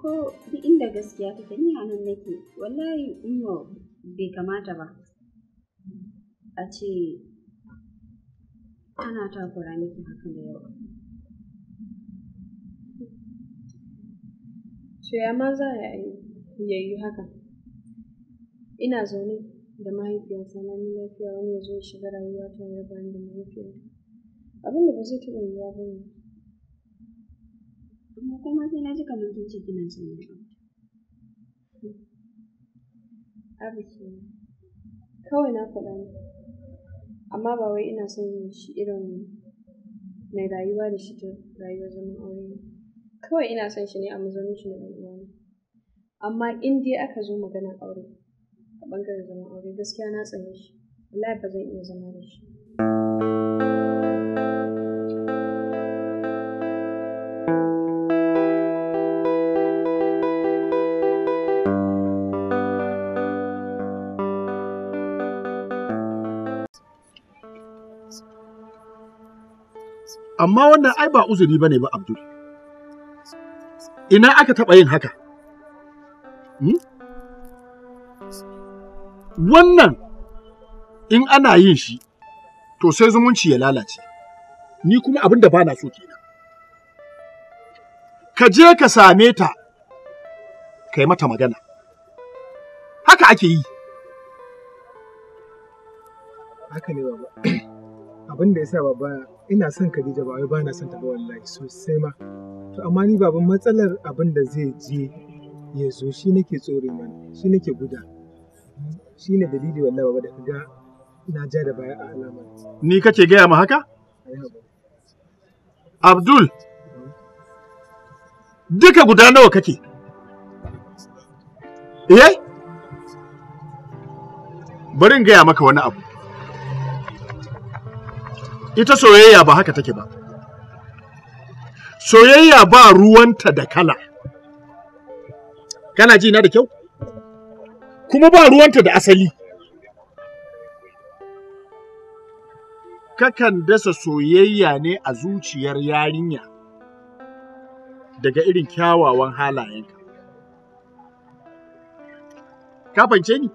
ko duk inda gaskiya take ni a nan nake wallahi umma bai kamata ba a ce ana takura miki haka da yawa to ya ma za a yi haka ina zaune da mahaifiyarsa na ni lafiya wani ya zo ya shiga rayuwa ta yarba da mahaifiyarta Abinda ba zai taɓa yiwuwa ba ne amma kuma sai na ji kamar kin cikin kina son yin abu ke kawai na faɗa ne amma ba wai ina son shi irin mai rayuwa da shi ta rayuwar zaman aure ne kawai ina son shi ne a mazaunin shi na ɗan uwana amma in dai aka zo maganar aure a ɓangaren zaman aure gaskiya na tsane shi wallahi ba zan iya zama da shi amma wannan ai ba uzuri bane ba Abdul ina aka taɓa yin haka hmm? wannan in ana yin shi to sai zumunci ya lalace ni kuma abin da ba na so kenan ka je ka same ta kai mata magana haka ake yi haka ne baba abin da ya sa baba ina son Khadija ba wai ba na son ta ba wallahi sosai ma to amma ni baban matsalar abin da zai je ya zo shi nake tsore mana shi nake guda shi ne dalili wallahi baba da kaga na ja da baya a alama ni kace gaya ma haka Abdul duka guda nawa kake eh bari in gaya maka wani abu ita soyayya ba haka take ba soyayya ba ruwanta da kala kana ji na da kyau kuma ba ruwanta da asali kakan dasa soyayya ne a zuciyar yarinya daga irin kyawawan halayenka ka fahimce ni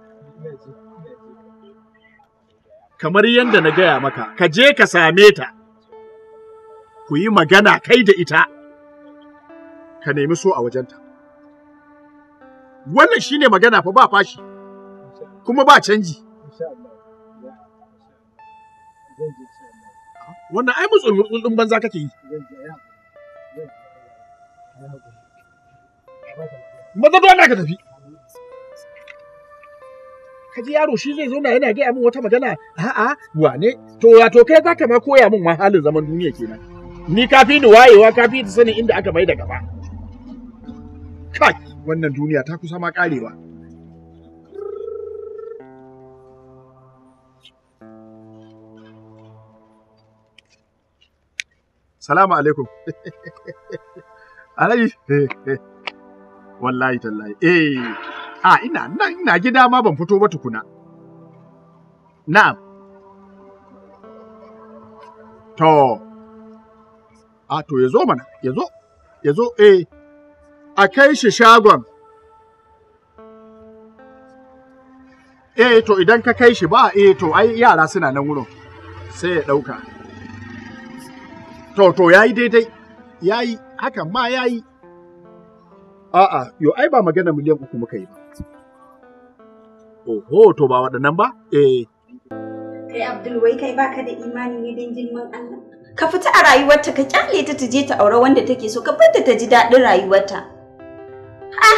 kamar yadda na gaya maka, ka je ka same ta, ku yi magana kai da ita, ka nemi so a wajenta. Wannan shi ne magana fa ba fashi, kuma ba canji. Wannan ai mutsulmutsul banza kake yi. Maza dole ka tafi. ka ji yaro shi zai zo na yana gaya min wata magana a'a wane to ya to kai zaka ma koya min ma halin zaman duniya kenan ni kafi ni wayewa kafi ta sanin inda aka mai da gaba kai wannan duniya ta kusa ma karewa Salamu alaikum. Alhaji. Wallahi tallahi. Eh. A ina nan ina gida ma ban fito ba tukuna. Na'am. To, a to ya zo mana, ya zo, ya zo, eh, a kai shi shagon. Eh, to idan ka kai shi ba, eh, to ai yara suna nan wurin, sai ya ɗauka. To, to, ya yi daidai, ya yi, hakan ma ya yi. A'a, yo, ai ba magana miliyan uku muka yi ba. Oho, to ba waɗannan ba? Eh. Kai Abdul wai kai baka da imani ne don girman Allah. Ka fita a rayuwarta ka kyale ta ta je ta aure wanda take so ka fita ta ji daɗin rayuwarta. Ha!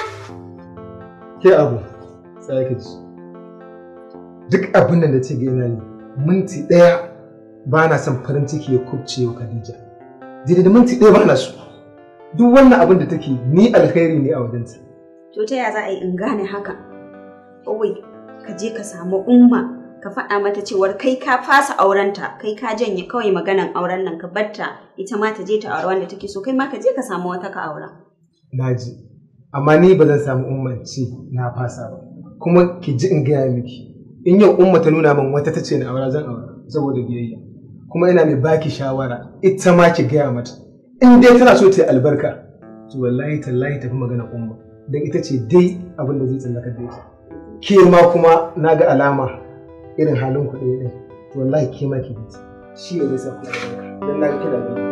Ke abu, sai ka ji. Duk abin da ce gina ne, minti ɗaya ba na son farin ciki ya kubce wa Khadija. Dida da minti ɗaya ba na so. Duk wannan abin da take ni alkhairi ne a wajenta. To ta ya za a yi in gane haka? wait. ka je ka samu umma ka faɗa mata cewar kai ka fasa aurenta kai ka janye kawai maganan auren nan ka batta ita ma ta je ta aure wanda take so kai ma ka je ka samu wata ka aura naji amma ni ba zan samu ce na fasa ba kuma ki ji in gaya miki in yau umma ta nuna min wata tace na aura zan aura saboda biyayya kuma ina mai baki shawara ita ma ki gaya mata in dai tana so ta yi albarka to wallahi tallahi tafi magana umma dan ita ce dai abin da zai tsallaka da ita ke ma kuma na ga alama irin halin kuɗi ne to wallahi ke ma shi ne zai sa don na kira da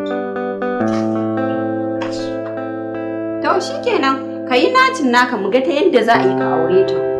to shi kenan ka yi nacin naka mu ga ta yadda za a yi ka aure ta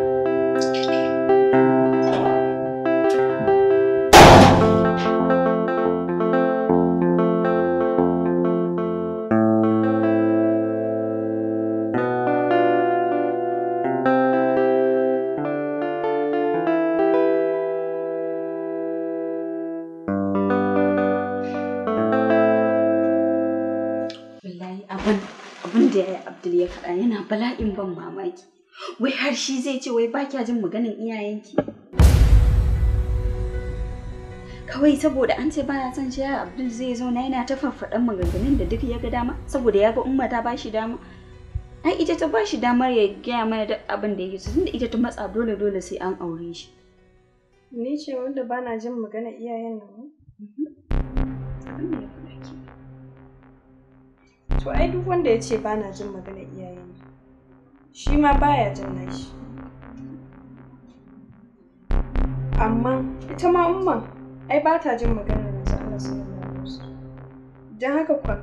shi zai ce wai ba kya jin maganin iyayenki kawai saboda an ce baya son shi abdul zai zo na yana ta farfadan maganganun da duk ya ga dama saboda ya ga umma ta bashi dama ai ita ta bashi damar ya gaya mana duk abin da yake so tunda ita ta matsa dole dole sai an aure shi ni ce wanda bana jin magana iyayen nan to ai duk wanda ya ce bana jin magana iyayen shi ma baya jin nashi amma ita ma umman ai ba ta jin maganar manzo Allah sallallahu alaihi wasallam dan haka kwa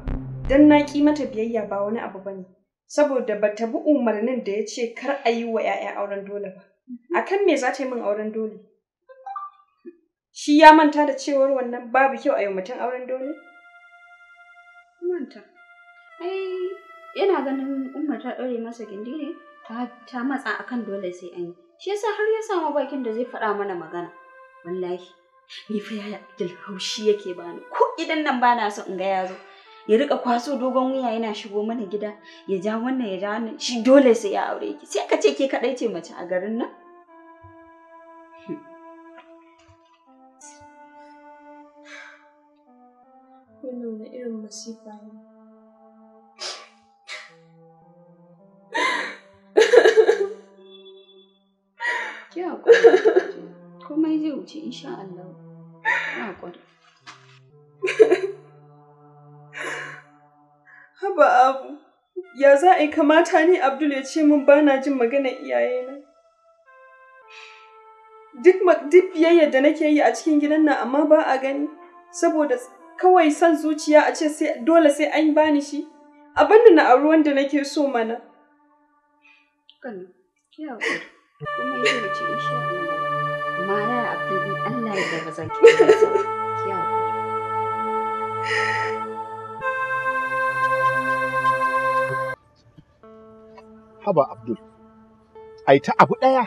dan na ƙi mata biyayya ba wani abu bane saboda ba ta bi umarnin da ya ce kar a yi wa 'ya'ya auren dole ba akan me za ta yi min auren dole shi ya manta da cewar wannan babu kyau a yi mutum auren dole manta ai yana ganin umma ta ɗaure masa gindi ne ta matsa akan dole sai an yi shi yasa har ya samu bakin da zai faɗa mana magana wallahi ni fa yaya Abdul haushi yake bani ko idan nan ba na so in ga yazo ya rika kwaso dogon wuya yana shigo mana gida ya ja wannan ya ja wannan shi dole sai ya aure ki sai ka ce ke kadai ce mace a garin nan wannan irin masifa ne wuce insha Allah. Na Haba abu, ya za a yi kamata ni Abdul ya ce min ba na jin maganar iyayena. Duk duk biyayyar da nake yi a cikin gidan nan amma ba a gani saboda kawai son zuciya a ce dole sai an bani shi. Abin da na auri wanda nake so mana. kuma yi mace insha Allah ma ya abdul Allah ya ba za ki Haba Abdul, ai ta abu ɗaya,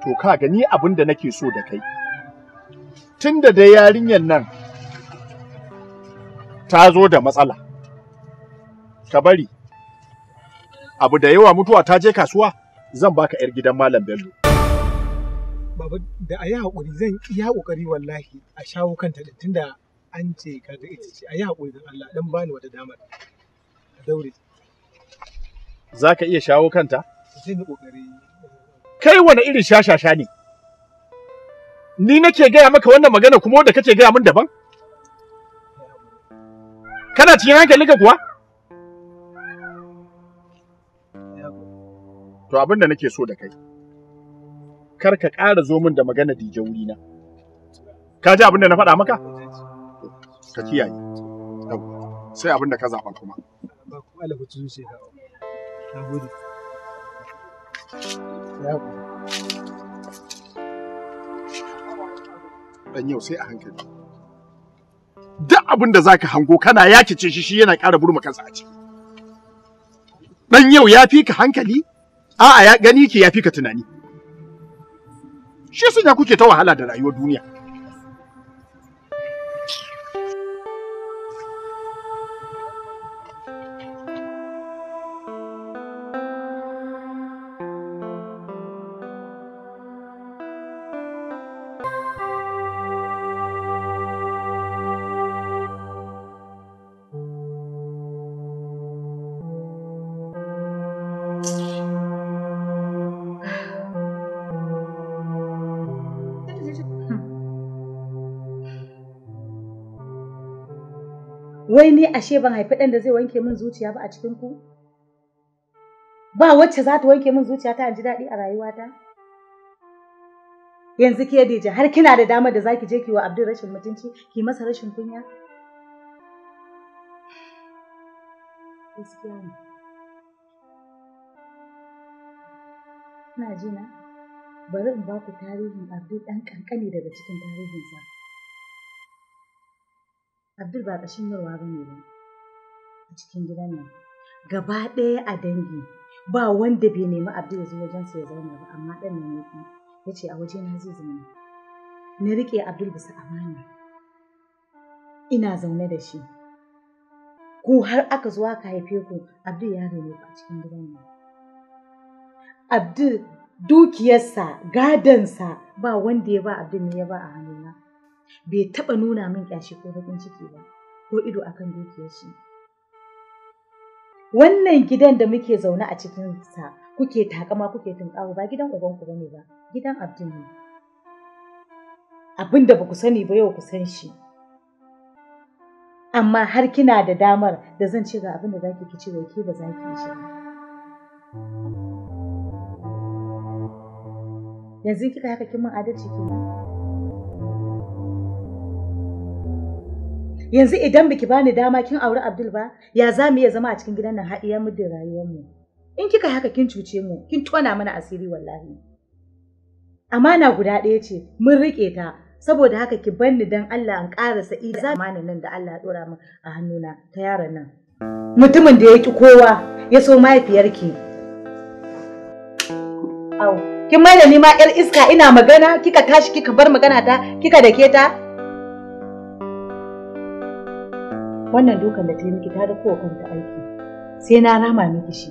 to ka gani abin da nake so da kai. Tun da dai yarinyar nan ta zo da matsala, ka bari, abu da yawa mutuwa ta je kasuwa. zan baka 'yar gidan Malam Bello. Baba da a yi haƙuri zan iya ƙoƙari wallahi a shawo kanta din tunda an ce ka ga ita ce a yi haƙuri don Allah dan bani wata damar a daure. Za ka iya shawo kanta? Zan yi ƙoƙari. Kai wani irin shashasha ne? Ni nake gaya maka wannan magana kuma wanda kake gaya min daban? Kana cikin hankalinka kuwa? To abin da nake so da kai, kar ka ƙara zo min da magana dije wurina. Ka ji abin da na faɗa maka? Ka kiyaye. Sai abin da ka zaɓa kuma. Ba kuma alhutun shekaru. Na gode. Dan yau sai a hankali. Duk abin da za ka hango kana yakice shi shi yana ƙara burma kansa a ciki. Dan yau ya fi ka hankali? a'a ya gani ke ya fi ka tunani shi sun ya kuke ta wahala da rayuwar duniya wai ni ashe ban haifi ɗan da zai wanke min zuciya ba a cikin ku ba wacce za ta wanke min zuciya ta ji daɗi a rayuwata yanzu ke Dija har kina da damar da zaki je ki wa Abdul rashin mutunci ki masa rashin kunya ina ji na bari in ba ku tarihin Abdul dan ƙanƙani daga cikin tarihinsa Abdul ba ƙashin yarwa ba ne ba a cikin gidan nan. Gaba ɗaya a dangi ba wanda bai nemi Abdul ya zo sa ya zauna ba amma ɗan nan ya ya ce a na zai zauna. Na riƙe Abdul bisa amana. Ina zaune da shi. ko har aka zo aka haife ku Abdul ya ku a cikin gidan nan. Abdul dukiyarsa, gadansa ba wanda ya ba Abdul ne ya ba a hannuna. bai taɓa nuna min ƙyashi ko baƙin ciki ba ko ido akan dukiyar shi wannan gidan da muke zaune a cikin sa kuke takama kuke tunƙawa, ba gidan ubanku bane ba gidan abdul ne abin da ku sani ba yau ku san shi amma har kina da damar da zan ce ga abin da zaki ki ce wai ke ba zaki ki yi shi yanzu kika haka kin mun adalci kenan yanzu idan biki bani dama kin auri Abdul ba ya za mu iya zama a cikin gidan nan har iya muddin rayuwar mu in kika haka kin cuce mu kin tona mana asiri wallahi amana guda ɗaya ce mun rike ta saboda haka ki banni dan Allah an karasa ida da nan da Allah ya dora mu a hannuna ta yaron nan mutumin da ya ki kowa ya so mahaifiyarki au kin mai da ni ma yar iska ina magana kika tashi kika bar magana ta kika dake ta wannan dukan da ta yi miki ta da kowa kanta aiki sai na rama miki shi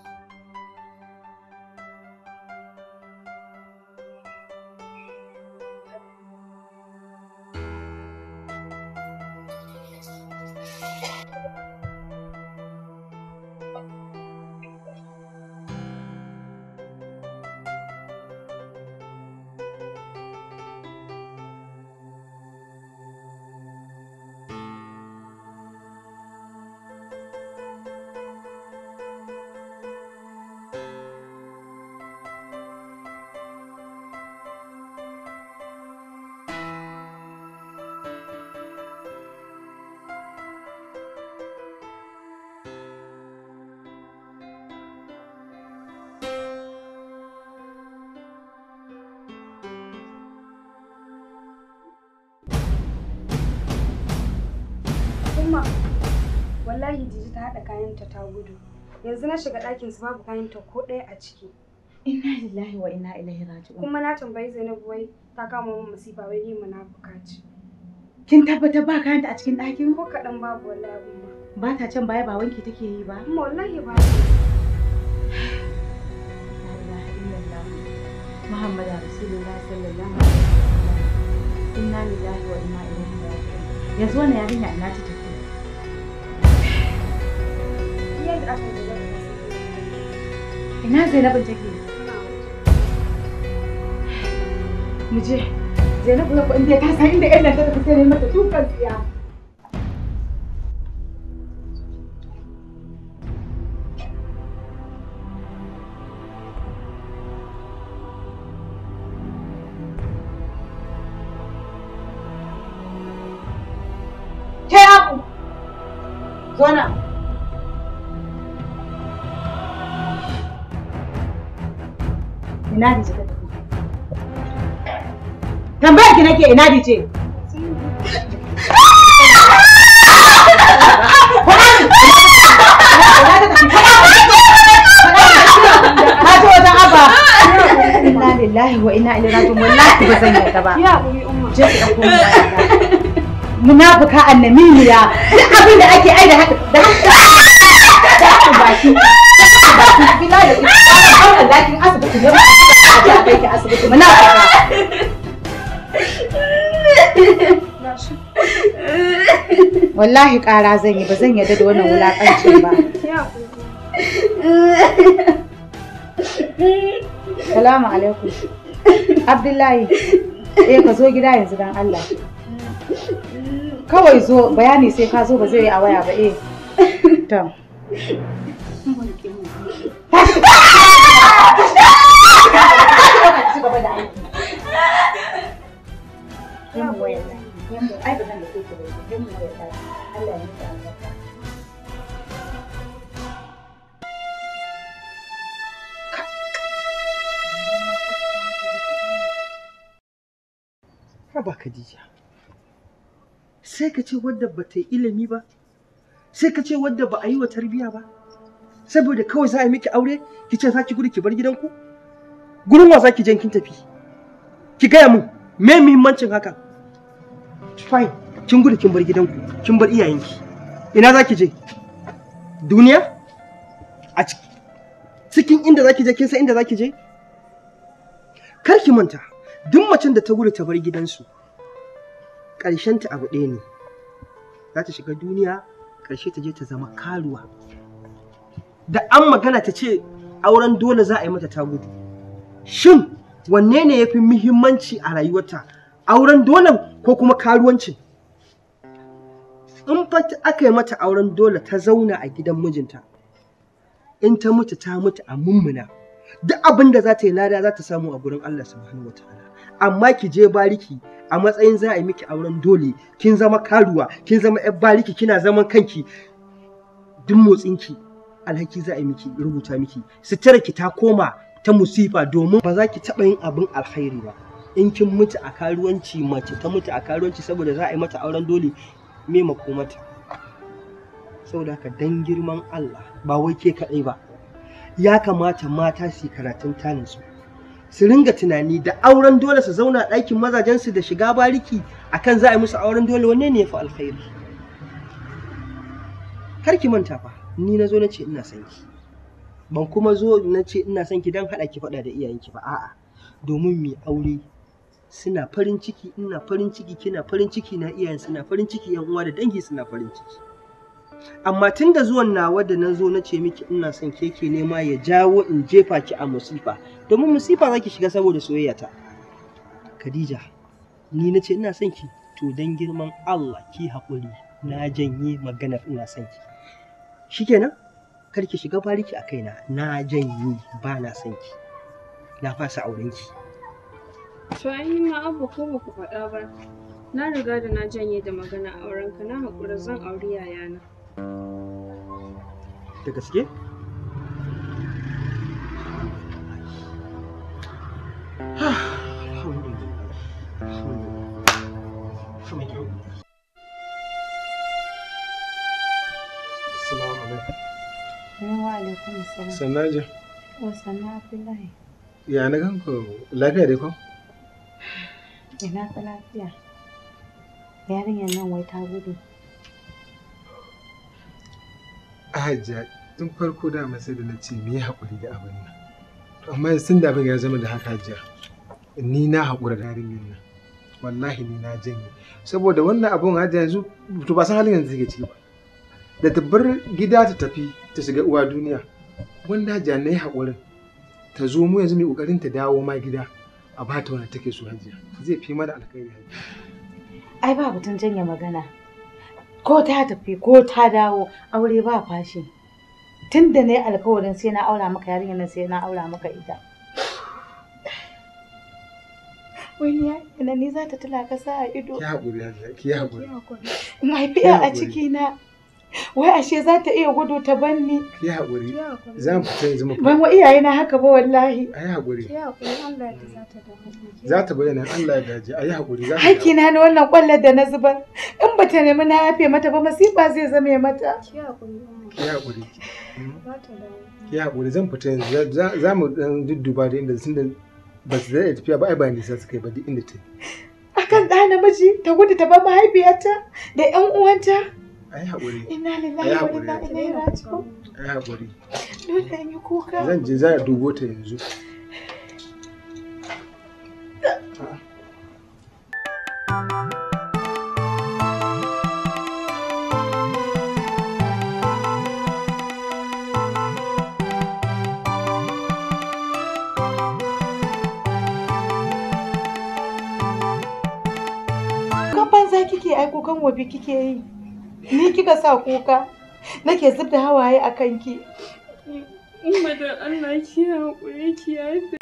Wallahi jiji ta haɗa kayanta ta gudu. Yanzu na shiga ɗakin su babu kayanta ko ɗaya a ciki. Inna lillahi wa inna ilaihi raji'un. Kuma na tambayi Zainabu wai ta kama mun musiba wai ni munafuka bukaci Kin tabbatar ba kayanta a cikin ɗakin? Ko kaɗan babu wallahi ba. ta can baya ba wanki take yi ba? Kuma wallahi ba. Muhammad Rasulullah sallallahu alaihi wasallam. Inna lillahi wa inna ilaihi raji'un. Yanzu wannan yarinya ina ta tafi? Ina Zainabu take? Mu je. Zainabu na kuɗin ta san inda ƴan nan ta tafi sai mata tukar tsiya. ina da jika tambayar ki nake ina lillahi wa ilaihi raji'un wallahi ba zan yarda ba. Je ki dauko duk abin da ake ai da haka da haka baki da baki bila kai ki asibiti muna Wallahi ƙara zan yi ba zan yarda da wannan wulaƙancin ba. Salamu alaikum. Abdullahi, eh ka zo gida yanzu don Allah. Kawai zo bayani sai ka zo ba zai yi a waya ba eh. To. Haba Khadija. Sai ka ce wadda ba ta yi ilimi ba, sai ka ce wadda ba a yi wa tarbiyya ba, saboda kawai za a yi miki aure, ki ce za ki gudu ki bar gidanku? gurin wasa ki je kin tafi ki gaya mun me muhimmancin haka fine kin gudu kin bar gidanku kin bar iyayenki ina za ki je duniya a cikin inda za ki je kin san inda za ki je kar ki manta duk macen da ta gudu ta bar gidansu ta abu ɗaya ne za ta shiga duniya ƙarshe ta je ta zama karuwa da an magana ta ce auren dole za a yi mata ta gudu shin wanne ne ya fi muhimmanci a rayuwarta auren dole ko kuma karuwanci in fa aka yi mata auren dole ta zauna a gidan mijinta in ta mutu ta mutu a mummuna duk abin da za ta yi lada za ta samu a gurin Allah subhanahu ta'ala amma ki je bariki a matsayin za a yi miki auren dole kin zama karuwa kin zama yar bariki kina zaman kanki duk motsinki alhaki za a yi miki rubuta miki sutura ki ta koma ta musifa domin ba za ki taɓa yin abin alkhairi ba in kin mutu a karuwanci mace ta mutu a karuwanci saboda za a yi mata auren dole me makomata saboda haka dan girman Allah ba wai ke kaɗai ba ya kamata mata su karatun tanin su ringa tunani da auren dole su zauna ɗakin mazajen su da shiga bariki akan za a yi musu auren dole wanne ne ya fi alkhairi kar ki manta fa ni na zo na ce ina son ban kuma zo na ce ina son ki dan haɗa ki faɗa da iyayenki ba a'a domin mu aure suna farin ciki ina farin ciki kina farin ciki na iyayen suna farin ciki yan uwa da dangi suna farin ciki amma tun da zuwan nawa da na zo na ce miki ina son keke nema ya jawo in jefa ki a musifa domin musifa zaki shiga saboda soyayya ta Khadija ni na ce ina son ki to dan girman Allah ki haƙuri na janye maganar ina son ki shikenan kar ki shiga bariki a kaina na janyi ba na son ki na fasa auren ki to ai ma abu ko ba ku faɗa ba na riga da na janye da magana auren ka na hakura zan auri yayana da gaske ha ah. Sannan oh, ji? Ya na gan lafiya dai ko? Ina lafiya. Yarinyar nan wai ta gudu. tun farko da sai da na ce mu yi haƙuri da abin nan. amma sun da abin ya zama da haka hajja. Ni na haƙura da yarinyar nan. Wallahi ni na janye. Saboda wannan abun hajja yanzu to ba san halin yanzu take ciki ba. da ta bar gida ta tafi ta shiga uwa duniya wanda yi haƙurin ta zo mu yanzu mai ƙoƙarin ta dawo ma gida a ba ta wani take so hajiya zai fi mana alkhairi ai ba batun janye magana ko ta tafi ko ta dawo aure ba fashi tun da na yi alkawarin sai na aura maka yarinya nan sai na aura maka ita wani ya ina ni za ta tula ka sa a ido ki haƙuri ki haƙuri in a ciki na wai ashe za ta iya gudu ta banni ki haƙuri za mu fita yanzu mu ban wa iyaye na haka ba wallahi ayi haƙuri za ta bayyana Allah ya dace Ai haƙuri za ta haki na wannan kwallar da na zubar in ba ta nemi na yafe mata ba masifa zai zame mata ki haƙuri ki haƙuri zan fita yanzu za mu dan dudduba da inda sun da ba su zai tafiya ba ai ba nisa suka yi ba duk inda ta akan ɗa namiji ta gudu ta bar mahaifiyarta da 'yan uwanta Ai Ina lillahi wa inna ilaihi raji'un. Ai haƙuri. Dole in yi kuka. Zan je za a dubo ta yanzu. kike aiko kan wabi kike yi. ni kika sa kuka nake zub da hawaye a kanki umma da Allah ki haƙuri ki yafe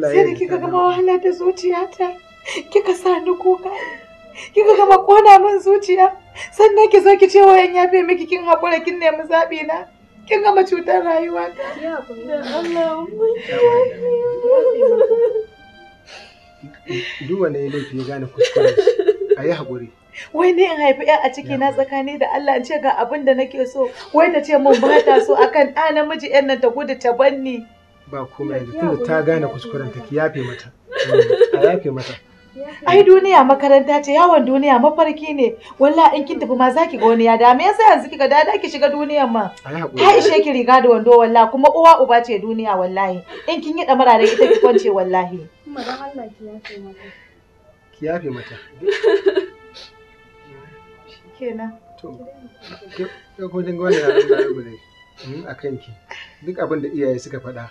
Sai da kika gama wahala da zuciyata, kika sa ni kuka. kika gama kona min zuciya sannan ki so ki ce wayan yafe miki kin haƙura kin nemi zaɓi na kin gama cutar rayuwa ta duk wani laifi ya gane kuskuren a yi haƙuri wai ne in haifi ya a ciki na tsakani da Allah in ce ga abin da nake so wai ta ce mun bata so akan ɗa namiji yan nan ta gudu ta banni ba komai da tunda ta gane kuskuren ta ki yafe mata a yafe mata ai duniya makaranta ce yawon duniya mafarki ne walla in kin tafi ma zaki ga wani ya da me yasa yanzu kika da ki shiga duniyan ma ta ishe ki riga da wando walla kuma uwa uba ce duniya wallahi in kin yi damara da ita ki kwance wallahi ki yafe mata kenan to ko din hmm, a kanki duk abin da iyaye suka faɗa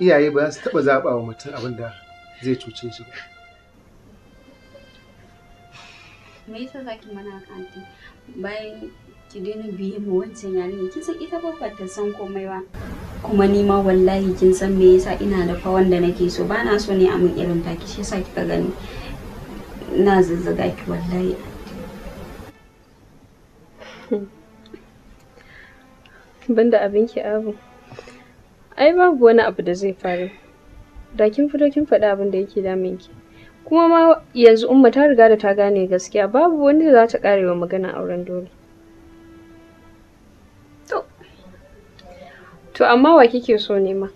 iyaye ba za su taɓa zaɓa wa mutum abin da zai cuce shi ba me yasa zaki mana haka anti bayan ki daina biye mu wancan yarinya kin san ita ba ta san komai ba kuma ni ma wallahi kin san me yasa ina da fa wanda nake so ba na so ne a mun irin ta taki shi yasa kika gani ina zazzaga ki wallahi banda abin ki abu ai babu wani abu da zai faru da kin fito kin faɗi abin da yake damun ki kuma ma yanzu umma ta riga da ta gane gaskiya babu wanda za ta wa magana auren dole to amma wa kike so nema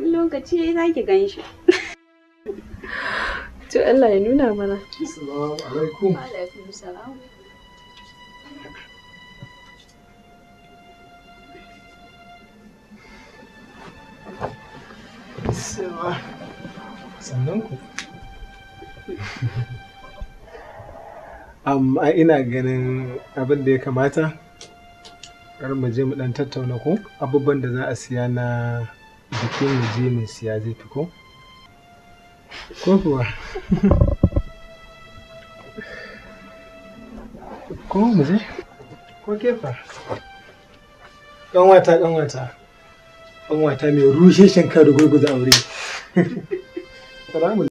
lokaci za ki gan shi to Allah ya nuna mana assalamu alaikum sannan ku um, a ina ganin abin da ya kamata kar mu je mu dan tattauna ko abubuwan da za a siya na bikin mu je mu siya zai fi ko ko kuwa ko mu je ko kefa wata kanwata wata mai rushe shinkafa da gurguza aure that I'm